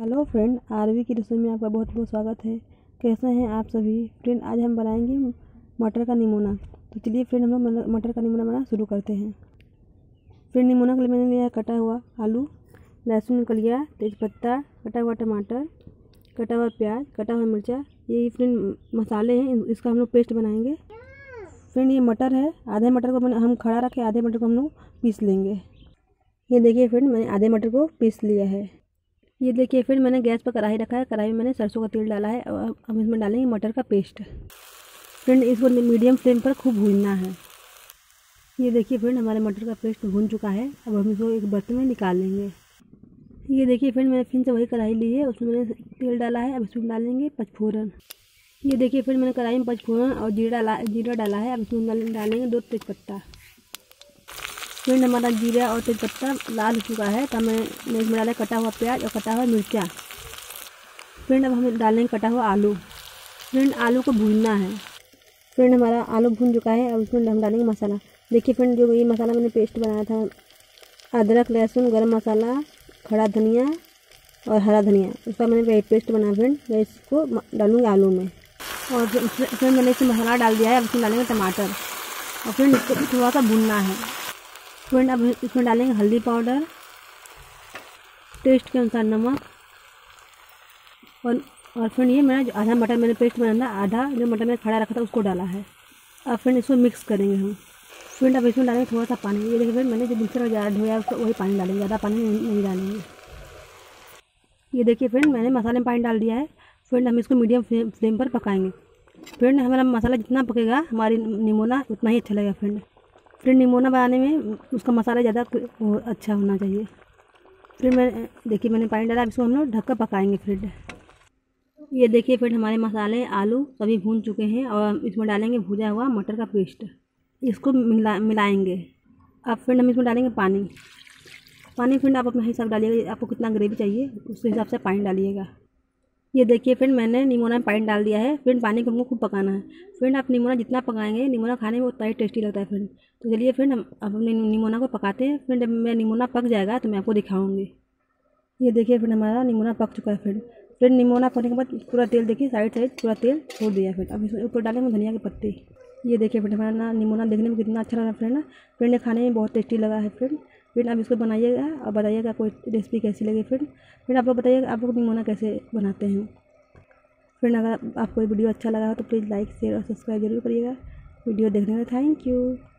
hello friend Aarvi की रसोई में आपका बहुत बहुत स्वागत है कैसे हैं आप सभी फ्रेंड आज हम बनाएंगे मटर का निमोना तो चलिए फ्रेंड हम लोग मटर का निमोना बनाना शुरू करते हैं फ्रेंड निमोना के लिए मैंने लिया कटा हुआ आलू लहसुन कलिया तेज़पत्ता कटा हुआ टमाटर कटा हुआ प्याज कटा हुआ मिर्चा ये फ्रेंड मसाले हैं इसका हम लोग पेस्ट बनाएंगे फ्रेंड ये मटर है आधे मटर को हम खड़ा रखे आधे मटर को हम लोग पीस लेंगे ये देखिए फ्रेंड मैंने आधे मटर को पीस लिया है ये देखिए फिर मैंने गैस पर कढ़ाई रखा है कढ़ाई में मैंने सरसों का तेल डाला है और हम इसमें डालेंगे मटर का पेस्ट फ्रेंड इसको मीडियम फ्लेम पर खूब भूनना है ये देखिए फ्रेंड हमारे मटर का पेस्ट भून चुका है अब हम इसको एक बर्तन में निकाल लेंगे ये देखिए फ्रेंड मैंने फिर से वही कढ़ाई ली है उसमें मैंने तेल डाला है अब इसमें डालेंगे पचफोरन ये देखिए फिर मैंने कढ़ाई में पचफोरन और जीरा डाला जीरा डाला है अब इसमें डालेंगे दो तेज़पत्ता फिर हमारा जीरा और तेज़पत्ता लाल हो चुका है तो हमें इसमें डाला कटा हुआ प्याज और कटा हुआ मिर्चा फिर अब हमें डालेंगे कटा हुआ आलू फ्रेंड आलू को भूनना है फिर हमारा आलू भून चुका है अब उसमें हम डालेंगे मसाला देखिए फ्रेंड जो ये मसाला मैंने पेस्ट बनाया था अदरक लहसुन गर्म मसाला खड़ा धनिया और हरा धनिया उसका मैंने पेस्ट बनाया फ्रेंड मैं इसको डालूँगी आलू में और फिर मैंने इसमें मसाला डाल दिया है अब इसमें डालेंगे टमाटर और फिर इसको थोड़ा सा भूनना है फ्रेंड अब इसमें डालेंगे हल्दी पाउडर टेस्ट के अनुसार नमक और और फ्रेंड ये मेरा जो आधा मटर मैंने पेस्ट बनाया था आधा जो मटर मैंने खड़ा रखा था उसको डाला है अब फ्रेंड इसको मिक्स करेंगे हम फ्रेंड अब इसमें डालेंगे थोड़ा सा पानी ये देखिए फ्रेंड मैंने जो मिक्सर ज़्यादा धोया उसको वही पानी डालेंगे ज़्यादा पानी नहीं डालेंगे ये देखिए फ्रेंड मैंने मसाले में पानी डाल दिया है फ्रेंड हम इसको मीडियम फ्लेम पर पकाएंगे फ्रेंड हमारा मसाला जितना पकेगा हमारी निमोना उतना ही अच्छा लगेगा फ्रेंड फिर निमोना बनाने में उसका मसाला ज़्यादा अच्छा होना चाहिए फिर मैं देखिए मैंने पानी डाला इसको हम लोग ढककर पकाएंगे फिर ये देखिए फिर हमारे मसाले आलू सभी भून चुके हैं और इसमें डालेंगे भुजा हुआ मटर का पेस्ट इसको मिला मिलाएंगे अब फिर हम इसमें डालेंगे पानी पानी फिर आप अपना हिसाब डालिएगा आपको कितना ग्रेवी चाहिए उस हिसाब से पानी डालिएगा ये देखिए फ्रेंड मैंने निमोना में पानी डाल दिया है फ्रेंड पानी को हमको खूब पकाना है फ्रेंड आप निमोना जितना पकाएंगे निमोना खाने में उतना ही टेस्टी लगता है फ्रेंड तो चलिए फ्रेंड हम अब हमने निमोना को पकाते हैं फ्रेंड जब मेरा निमोना पक जाएगा तो मैं आपको दिखाऊँगी ये देखिए फ्रेंड हमारा निमोना पक चुका है फ्रेंड फ्रेंड निमोना पकने के बाद पूरा तेल देखिए साइड साइड पूरा तेल छोड़ दिया फ्रेंड अब इसमें ऊपर डालेंगे धनिया के पत्ते ये देखिए फ्रेंड हमारा ना निमोना देखने में कितना अच्छा लग रहा है फ्रेंड फ्रेंड खाने में बहुत टेस्टी लगा है फ्रेंड फ्रेंड आप इसको बनाइएगा और बताइएगा आपको रेसिपी कैसी लगी फ्रेंड फ्रेंड आप लोग बताइएगा आप लोग निमोना कैसे बनाते हैं फ्रेंड अगर आपको वीडियो अच्छा लगा हो तो प्लीज़ लाइक शेयर और सब्सक्राइब जरूर करिएगा वीडियो देखने में थैंक यू